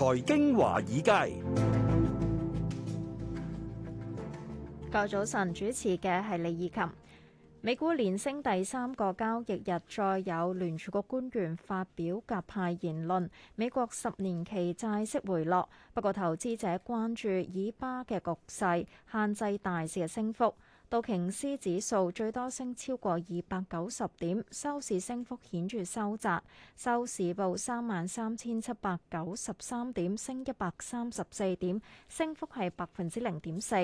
財經華爾街，較早晨主持嘅係李怡琴。美股連升第三個交易日，再有聯儲局官員發表鴿派言論，美國十年期債息回落。不過投資者關注以巴嘅局勢，限制大市嘅升幅。道瓊斯指數最多升超過二百九十點，收市升幅顯著收窄，收市報三萬三千七百九十三點，升一百三十四點，升幅係百分之零點四。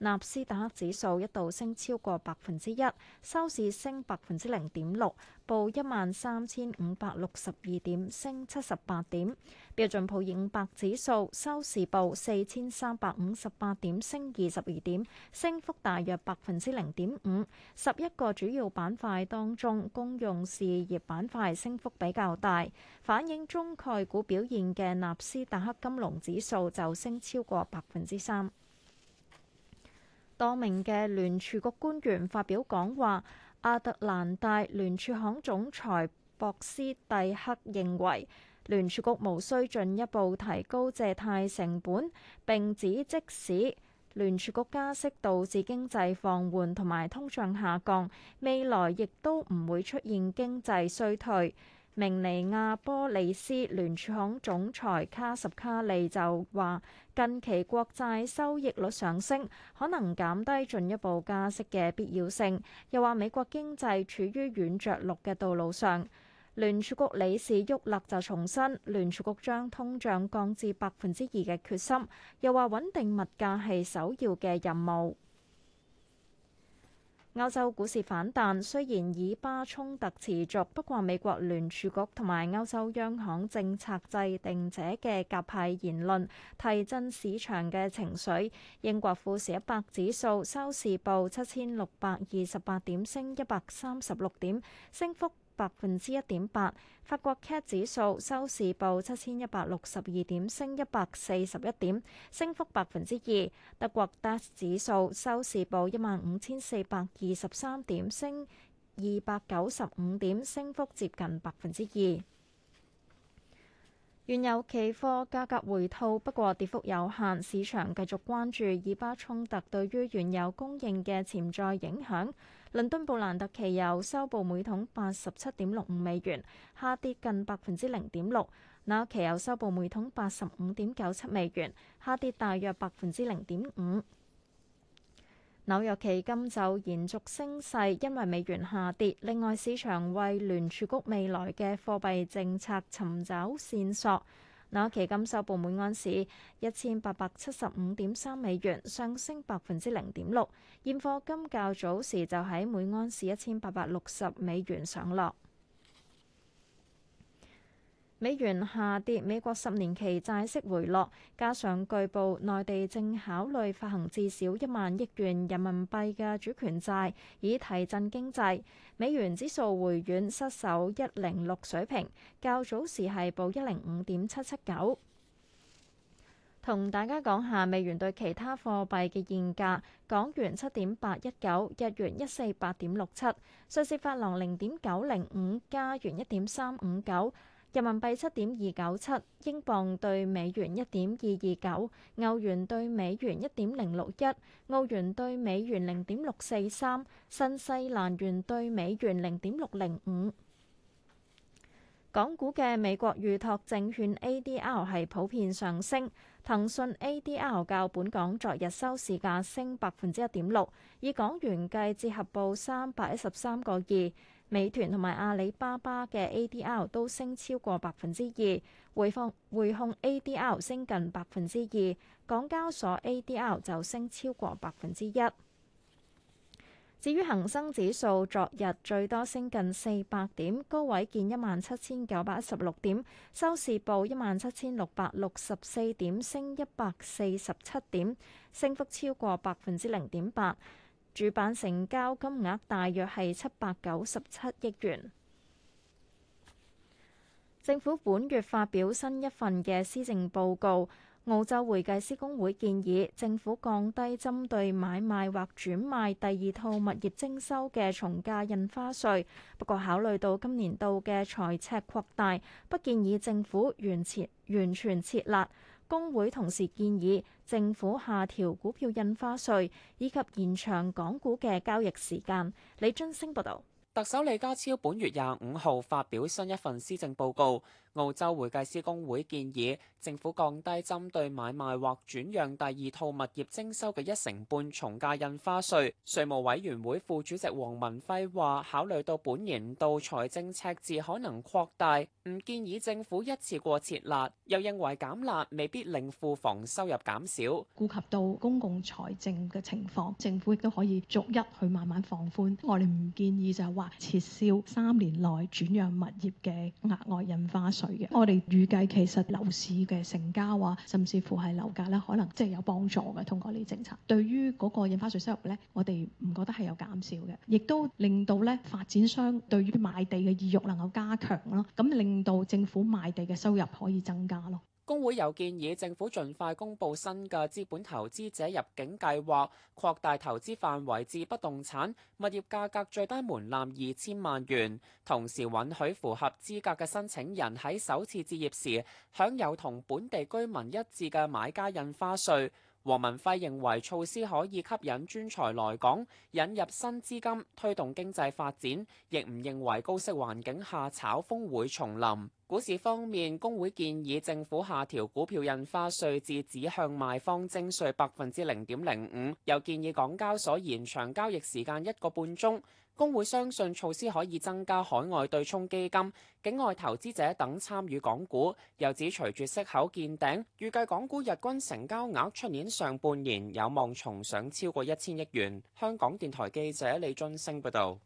納斯達克指數一度升超過百分之一，收市升百分之零點六，報一萬三千五百六十二點，升七十八點。標準普爾五百指數收市報四千三百五十八點，升二十二點，升幅大約百分之零點五。十一個主要板塊當中，公用事業板塊升幅比較大，反映中概股表現嘅納斯達克金龍指數就升超過百分之三。多名嘅聯儲局官員發表講話，亞特蘭大聯儲行總裁博斯蒂克認為，聯儲局無需進一步提高借貸成本，並指即使聯儲局加息導致經濟放緩同埋通脹下降，未來亦都唔會出現經濟衰退。明尼亞波利斯聯儲行總裁卡什卡利就話：近期國債收益率上升，可能減低進一步加息嘅必要性。又話美國經濟處於軟着陸嘅道路上。聯儲局理事沃勒就重申聯儲局將通脹降至百分之二嘅決心，又話穩定物價係首要嘅任務。歐洲股市反彈，雖然以巴衝突持續，不過美國聯儲局同埋歐洲央行政策制定者嘅鴿派言論提振市場嘅情緒。英國富時一百指數收市報七千六百二十八點，升一百三十六點，升幅，百分之一點八，法國 CAC 指數收市報七千一百六十二點，升一百四十一點，升幅百分之二。德國 DAX 指數收市報一萬五千四百二十三點，升二百九十五點，升幅接近百分之二。 原油期貨價格回吐，不過跌幅有限，市場繼續關注以巴衝突對於原油供應嘅潛在影響。倫敦布蘭特期油收報每桶八十七點六五美元，下跌近百分之零點六；紐約期油收報每桶八十五點九七美元，下跌大約百分之零點五。紐約期金就延續升勢，因為美元下跌。另外，市場為聯儲局未來嘅貨幣政策尋找線索。紐約期金收報每安士一千八百七十五點三美元，上升百分之零點六。現貨金較早時就喺每安士一千八百六十美元上落。美元下跌，美國十年期債息回落，加上據報內地正考慮發行至少一萬億元人民幣嘅主權債，以提振經濟。美元指數回軟，失守一零六水平，較早時係報一零五點七七九。同大家講下美元對其他貨幣嘅現價：港元七點八一九，日元一四八點六七，瑞士法郎零點九零五，加元一點三五九。人民幣七點二九七，英鎊對美元一點二二九，歐元對美元一點零六一，澳元對美元零點六四三，新西蘭元對美元零點六零五。港股嘅美國預託證券 ADR 係普遍上升，騰訊 ADR 較本港昨日收市價升百分之一點六，以港元計折合報三百一十三個二。美團同埋阿里巴巴嘅 ADR 都升超過百分之二，匯控匯控 ADR 升近百分之二，港交所 ADR 就升超過百分之一。至於恒生指數，昨日最多升近四百點，高位見一萬七千九百一十六點，收市報一萬七千六百六十四點，升一百四十七點，升幅超過百分之零點八。主板成交金額大約係七百九十七億元。政府本月發表新一份嘅施政報告，澳洲會計師公會建議政府降低針對買賣或轉賣第二套物業徵收嘅重價印花稅，不過考慮到今年度嘅財赤擴大，不建議政府完全完全撤辣。工會同時建議政府下調股票印花稅，以及延長港股嘅交易時間。李津升報導。特首李家超本月廿五號發表新一份施政報告。澳洲會計師工會建議政府降低針對買賣或轉讓第二套物業徵收嘅一成半重價印花稅。稅務委員會副主席黃文輝話，考慮到本年度財政赤字可能擴大，唔建議政府一次過撤辣，又認為減辣未必令庫房收入減少。顧及到公共財政嘅情況，政府亦都可以逐一去慢慢放寬。我哋唔建議就係話撤銷三年內轉讓物業嘅額外印花稅。我哋預計其實樓市嘅成交啊，甚至乎係樓價咧，可能即係有幫助嘅，通過呢政策。對於嗰個印花稅收入咧，我哋唔覺得係有減少嘅，亦都令到咧發展商對於買地嘅意欲能夠加強咯，咁令到政府賣地嘅收入可以增加咯。工會又建議政府盡快公布新嘅資本投資者入境計劃，擴大投資範圍至不動產，物業價格最低門檻二千萬元，同時允許符合資格嘅申請人喺首次置業時享有同本地居民一致嘅買家印花稅。黃文輝認為措施可以吸引專才來港，引入新資金，推動經濟發展，亦唔認為高息環境下炒風會重臨。股市方面，工會建議政府下調股票印花稅至只向賣方徵稅百分之零點零五，又建議港交所延長交易時間一個半鐘。工會相信措施可以增加海外對沖基金、境外投資者等參與港股，又指隨住息口見頂，預計港股日均成交額出年上半年有望重上超過一千億元。香港電台記者李俊升報道。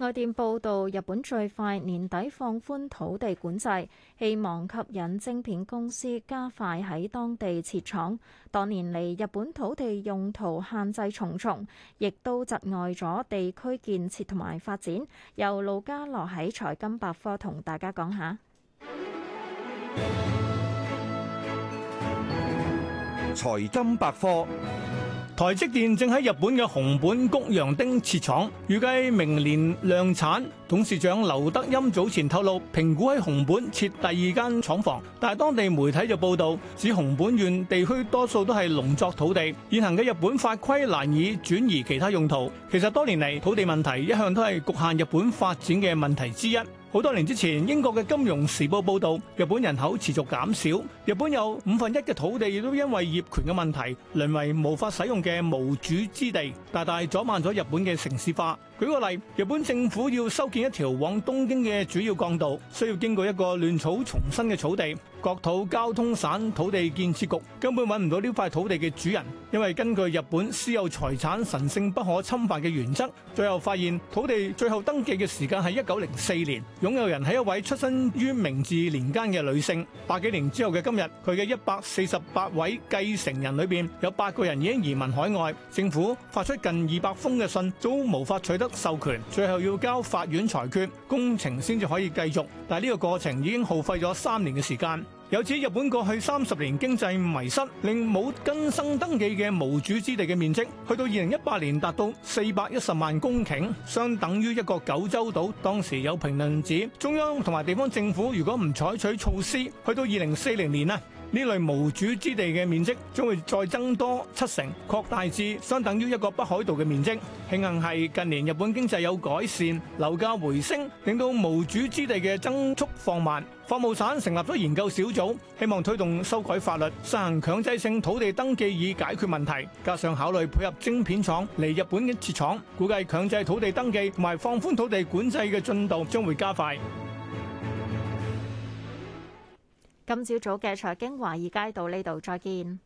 外電報道，日本最快年底放寬土地管制，希望吸引晶片公司加快喺當地設廠。多年嚟，日本土地用途限制重重，亦都窒礙咗地區建設同埋發展。由盧家樂喺財金百科同大家講下。財金百科。台積電正喺日本嘅熊本谷陽町設廠，預計明年量產。董事長劉德音早前透露，評估喺熊本設第二間廠房，但係當地媒體就報道，指熊本縣地區多數都係農作土地，現行嘅日本法規難以轉移其他用途。其實多年嚟，土地問題一向都係局限日本發展嘅問題之一。好多年之前，英國嘅《金融時報》報道，日本人口持續減少。日本有五分一嘅土地亦都因為業權嘅問題，淪為無法使用嘅無主之地，大大阻慢咗日本嘅城市化。舉個例，日本政府要修建一條往東京嘅主要幹道，需要經過一個亂草叢生嘅草地。國土交通省土地建設局根本揾唔到呢塊土地嘅主人。因為根據日本私有財產神聖不可侵犯嘅原則，最後發現土地最後登記嘅時間係一九零四年，擁有人係一位出身於明治年間嘅女性。百幾年之後嘅今日，佢嘅一百四十八位繼承人裏邊，有八個人已經移民海外。政府發出近二百封嘅信，都無法取得授權最後要交法院裁決，工程先至可以繼續，但係呢個過程已經耗費咗三年嘅時間。有指日本過去三十年經濟迷失，令冇更新登記嘅無主之地嘅面積，去到二零一八年達到四百一十萬公頃，相等於一個九州島。當時有評論指，中央同埋地方政府如果唔採取措施，去到二零四零年啊。呢類無主之地嘅面積將會再增多七成，擴大至相等於一個北海道嘅面積。慶幸係近年日本經濟有改善，樓價回升，令到無主之地嘅增速放慢。法務省成立咗研究小組，希望推動修改法律，施行強制性土地登記以解決問題。加上考慮配合晶片廠嚟日本嘅設廠，估計強制土地登記同埋放寬土地管制嘅進度將會加快。今朝早嘅財經華爾街到呢度再見。